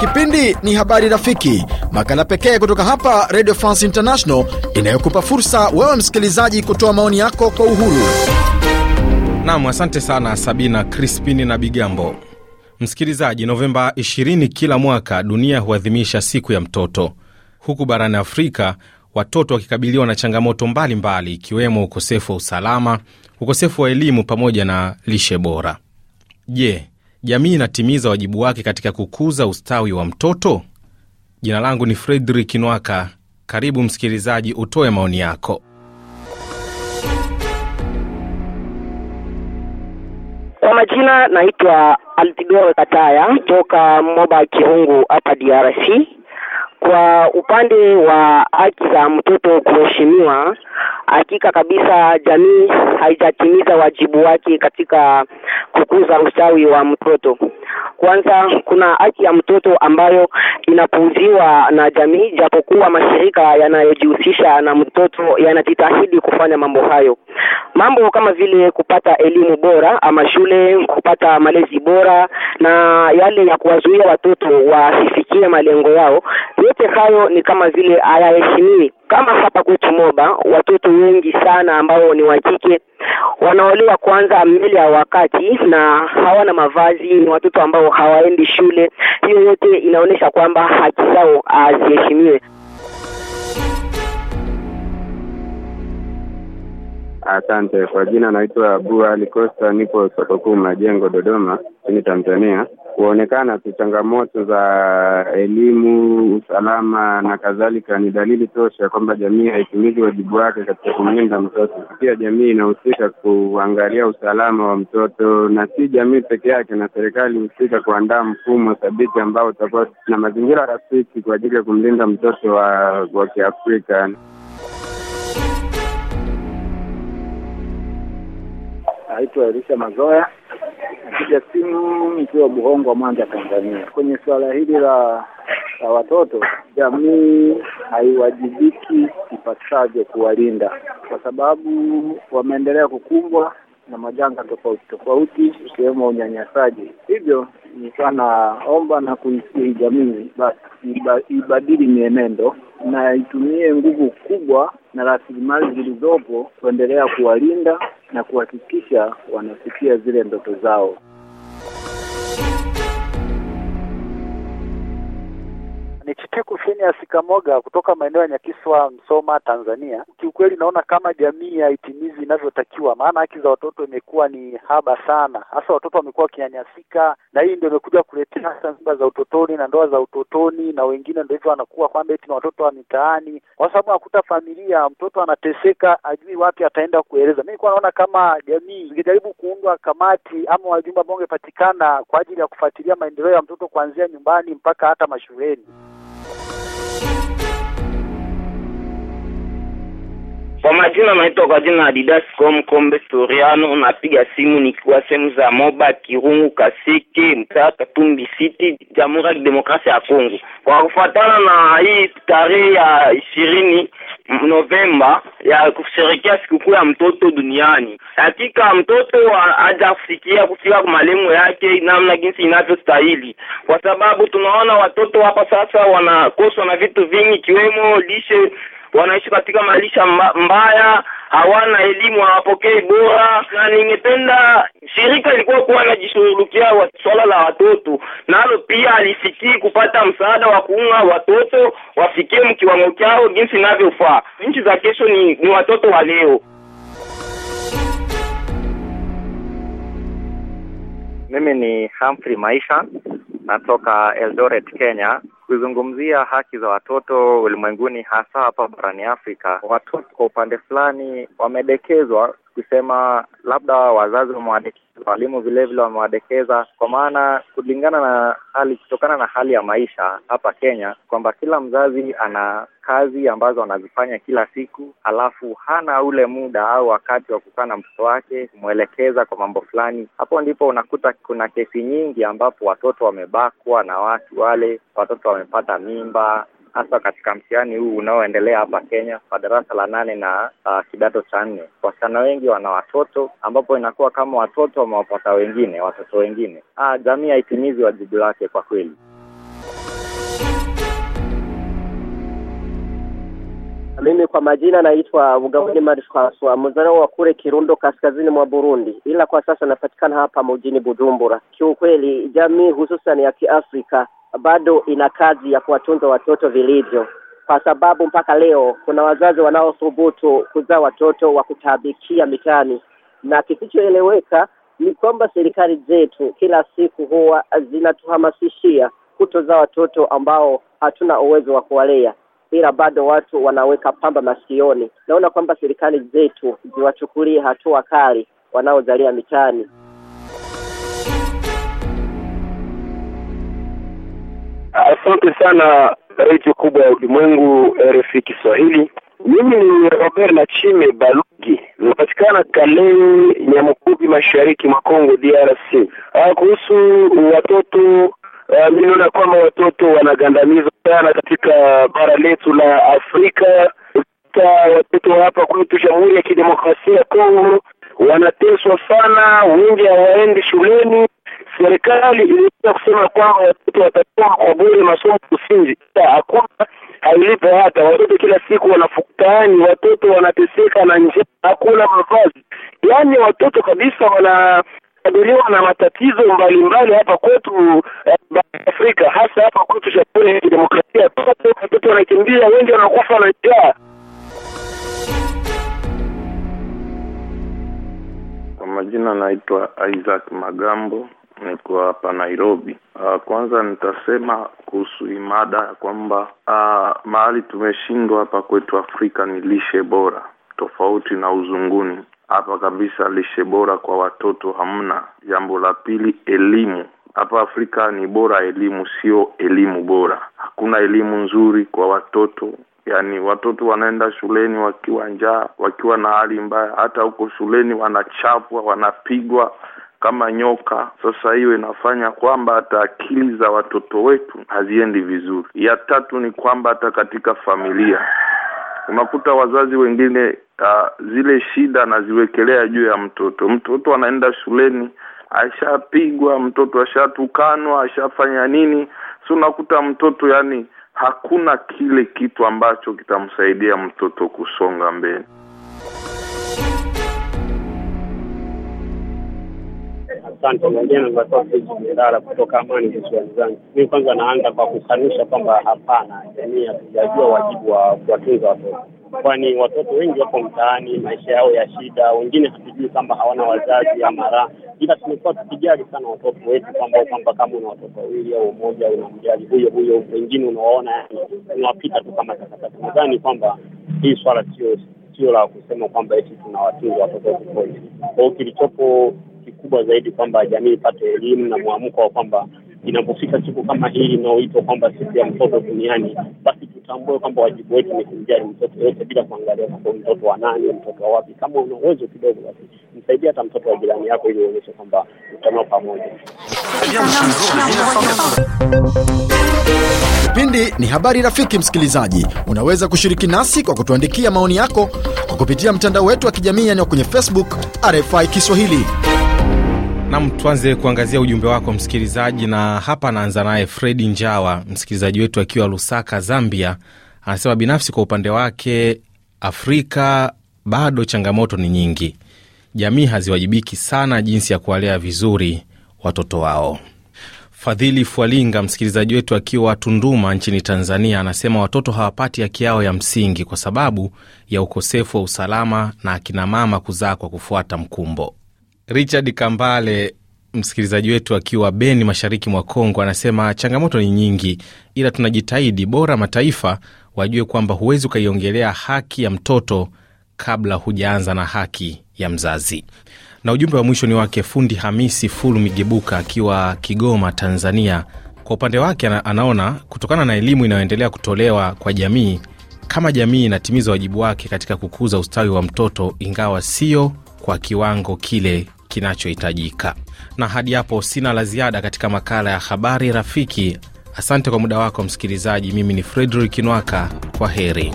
Kipindi ni Habari Rafiki, makala pekee kutoka hapa Radio France International inayokupa fursa wewe msikilizaji kutoa maoni yako kwa uhuru. Nam, asante sana Sabina Crispini na Bigambo. Msikilizaji, Novemba 20 kila mwaka dunia huadhimisha siku ya mtoto, huku barani Afrika watoto wakikabiliwa na changamoto mbalimbali ikiwemo mbali, ukosefu wa usalama, ukosefu wa elimu pamoja na lishe bora. Je, jamii inatimiza wajibu wake katika kukuza ustawi wa mtoto? Jina langu ni Fredrik Nwaka. Karibu msikilizaji, utoe maoni yako. Kwa majina naitwa Altidoro Kataya toka Moba kiungu hapa DRC. Kwa upande wa haki za mtoto kuheshimiwa, hakika kabisa jamii haijatimiza wajibu wake katika kukuza ustawi wa mtoto. Kwanza kuna haki ya mtoto ambayo inapuuziwa na jamii, japokuwa mashirika yanayojihusisha na mtoto yanajitahidi kufanya mambo hayo. Mambo kama vile kupata elimu bora ama shule, kupata malezi bora na yale ya kuwazuia watoto wasifikie malengo yao, yote hayo ni kama vile hayaheshimiwi. Kama hapa kwetu Moba, watoto wengi sana ambao ni wa kike wanaolewa kwanza mbele ya wakati na hawana mavazi, ni watoto ambao hawaendi shule. Hiyo yote inaonyesha kwamba haki zao haziheshimiwe. Asante. Kwa jina naitwa Abu Ali Costa, nipo soko kuu Majengo, Dodoma nchini Tanzania. Kuonekana tu changamoto za elimu, usalama na kadhalika ni dalili tosha kwamba jamii haitimizi wajibu wake katika kumlinda mtoto. Pia jamii inahusika kuangalia usalama wa mtoto, na si jamii peke yake, na serikali husika kuandaa mfumo thabiti ambao utakuwa na mazingira rafiki kwa ajili ya kumlinda mtoto wa, wa Kiafrika. aitwa Elisha Mazoya, napiga simu nikiwa Buhongwa, Mwanza, Tanzania. Kwenye suala hili la la watoto, jamii haiwajibiki ipasavyo kuwalinda, kwa sababu wameendelea kukumbwa na majanga tofauti tofauti ikiwemo unyanyasaji. Hivyo nilikuwa naomba na kuisihi jamii basi iba, ibadili mienendo na itumie nguvu kubwa na rasilimali zilizopo kuendelea kuwalinda na kuhakikisha wanafikia zile ndoto zao. ya Sikamoga kutoka maeneo ya Nyakiswa, Msoma, Tanzania. Kiukweli naona kama jamii haitimizi inavyotakiwa, maana haki za watoto imekuwa ni haba sana, hasa watoto wamekuwa wakinyanyasika, na hii ndio imekuja kuletea hasa mimba za utotoni na ndoa za utotoni, na wengine ndio hivyo wanakuwa kwamba eti ni watoto wa mitaani, kwa sababu nakuta familia mtoto anateseka, ajui wapi ataenda kueleza. Mimi nilikuwa naona kama jamii ingejaribu kuundwa kamati ama wajumbe ambao wangepatikana kwa ajili ya kufuatilia maendeleo ya mtoto kuanzia nyumbani mpaka hata mashuleni. Kwa majina naitwa kwa jina Adidas com Kombe Soriano, napiga simu nikiwa sehemu za Moba Kirungu Kasiki, mtaa Katumbi City, Jamhuri ya Kidemokrasia ya Kongo. Kwa kufuatana na hii tarehe ya ishirini Novemba ya kusherekea sikukuu ya mtoto duniani, hakika mtoto hajafikia kufika malengo yake namna jinsi inavyostahili, kwa sababu tunaona watoto hapa sasa wanakoswa na vitu vingi ikiwemo lishe wanaishi katika maisha mbaya, hawana elimu, hawapokei bora, na ningependa shirika ilikuwa kuwa anajishughulikia swala la watoto nalo, pia alifikii kupata msaada wa kuunga watoto wafikie mkiwango chao jinsi inavyofaa. Nchi za kesho ni, ni watoto wa leo. Mimi ni Humphrey Maisha, natoka Eldoret, Kenya kuzungumzia haki za watoto ulimwenguni, hasa hapa barani Afrika. Watoto kwa upande fulani wamedekezwa, kusema labda wazazi wamewadekeza, walimu vilevile wamewadekeza, kwa maana kulingana na hali, kutokana na hali ya maisha hapa Kenya, kwamba kila mzazi ana kazi ambazo anazifanya kila siku, alafu hana ule muda au wakati wa kukaa na mtoto wake kumwelekeza kwa mambo fulani. Hapo ndipo unakuta kuna kesi nyingi ambapo watoto wamebakwa na watu wale, watoto wamepata mimba hasa katika mtihani huu unaoendelea hapa Kenya kwa darasa la nane na uh, kidato cha nne. Wasichana wengi wana watoto, ambapo inakuwa kama watoto wamewapata wengine watoto wengine. Ah, jamii haitimizi wajibu wake kwa kweli. Mimi kwa majina naitwa Ugauni Marifaswa, Francois, mzaliwa wa kule Kirundo, kaskazini mwa Burundi, ila kwa sasa napatikana hapa mjini Bujumbura. Kiukweli jamii hususan ya Kiafrika bado ina kazi ya kuwatunza watoto vilivyo, kwa sababu mpaka leo kuna wazazi wanaothubutu kuzaa watoto wa kutaabikia mitaani, na kisichoeleweka ni kwamba serikali zetu kila siku huwa zinatuhamasishia kutozaa watoto ambao hatuna uwezo wa kuwalea, ila bado watu wanaweka pamba masikioni. Naona kwamba serikali zetu ziwachukulie hatua kali wanaozalia mitaani. Asante sana redio kubwa ya ulimwengu RFI Kiswahili. Mimi ni Robert Nachime Balugi, napatikana Kalei Nyamukubi, mashariki mwa Kongo DRC. Ah, kuhusu watoto ninaona ah, kwamba watoto wanagandamizwa sana katika bara letu la Afrika. Watoto hapa kwetu Jamhuri ya Kidemokrasia ya Kongo wanateswa sana, wengi hawaendi shuleni serikali iliweza kusema kwamba watoto watakuwa kwa bure masomo msingi, hakuna hailipe hata. Watoto kila siku wanafuktani watoto wanateseka na njaa, hakuna mavazi, yaani watoto kabisa wana kabiliwa na matatizo mbalimbali mbali hapa kwetu eh, Afrika, hasa hapa kwetu Jamhuri ya Kidemokrasia. Watoto wanakimbia, wengi wanakufa na njaa. Kwa majina anaitwa Isaac Magambo, niko hapa Nairobi. Uh, kwanza nitasema kuhusu imada ya kwamba uh, mahali tumeshindwa hapa kwetu Afrika ni lishe bora, tofauti na uzunguni. Hapa kabisa lishe bora kwa watoto hamna. Jambo la pili, elimu hapa Afrika ni bora elimu, sio elimu bora. Hakuna elimu nzuri kwa watoto, yaani watoto wanaenda shuleni wakiwa njaa, wakiwa na hali mbaya. Hata huko shuleni wanachapwa, wanapigwa kama nyoka. Sasa hiyo inafanya kwamba hata akili za watoto wetu haziendi vizuri. Ya tatu ni kwamba hata katika familia unakuta wazazi wengine uh, zile shida anaziwekelea juu ya mtoto. Mtoto anaenda shuleni ashapigwa, mtoto ashatukanwa, ashafanya nini, si unakuta mtoto yani hakuna kile kitu ambacho kitamsaidia mtoto kusonga mbele. Asante, Olenjena Ndala kutoka Amani visiwani Zanzibar. Mimi kwanza naanza kwa kukanusha kwamba hapana, jamii hatujajua wajibu wa kuwatunza watoto, kwani watoto wengi wako mtaani, maisha yao ya shida, wengine hatujui kwamba hawana wazazi ama raha, ila tumekuwa tukijali sana watoto wetu kwamba kwamba kama una watoto wawili au mmoja unamjali huyo huyo, wengine unawaona yani unawapita tu kama takataka. Nadhani kwamba hii swala sio sio la kusema kwamba eti tunawatunza watoto kipoji kwao, kilichopo kubwa zaidi kwamba jamii ipate elimu na mwamko wa kwamba inapofika siku kama hii inayoitwa kwamba siku ya mtoto duniani, basi tutambue kwamba wajibu wetu ni kumjali mtoto yote bila kuangalia kwamba mtoto wa nani, mtoto wa wapi. Kama una uwezo kidogo, basi msaidia hata mtoto wa jirani yako, ili uonyeshe kwamba mtanao pamoja. Kipindi ni habari rafiki. Msikilizaji, unaweza kushiriki nasi kwa kutuandikia maoni yako kwa kupitia mtandao wetu wa kijamii, yaani kwenye Facebook RFI Kiswahili. Nam, tuanze kuangazia ujumbe wako msikilizaji, na hapa anaanza naye Fredi Njawa, msikilizaji wetu akiwa Lusaka, Zambia. Anasema binafsi kwa upande wake, Afrika bado changamoto ni nyingi, jamii haziwajibiki sana jinsi ya kuwalea vizuri watoto wao. Fadhili Fwalinga, msikilizaji wetu akiwa Tunduma nchini Tanzania, anasema watoto hawapati haki yao ya msingi kwa sababu ya ukosefu wa usalama na akinamama kuzaa kwa kufuata mkumbo. Richard Kambale, msikilizaji wetu akiwa Beni, mashariki mwa Kongo, anasema changamoto ni nyingi, ila tunajitahidi. Bora mataifa wajue kwamba huwezi ukaiongelea haki ya mtoto kabla hujaanza na haki ya mzazi. Na ujumbe wa mwisho ni wake fundi Hamisi Fulu Migebuka akiwa Kigoma, Tanzania. Kwa upande wake anaona kutokana na elimu inayoendelea kutolewa kwa jamii, kama jamii inatimiza wajibu wake katika kukuza ustawi wa mtoto, ingawa sio kwa kiwango kile kinachohitajika. Na hadi hapo sina la ziada katika makala ya habari rafiki. Asante kwa muda wako msikilizaji. Mimi ni Fredrik Nwaka, kwa heri.